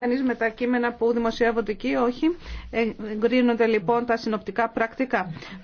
Κανεί με τα κείμενα που δημοσιεύονται εκεί, όχι. Ε, εγκρίνονται λοιπόν τα συνοπτικά πρακτικά.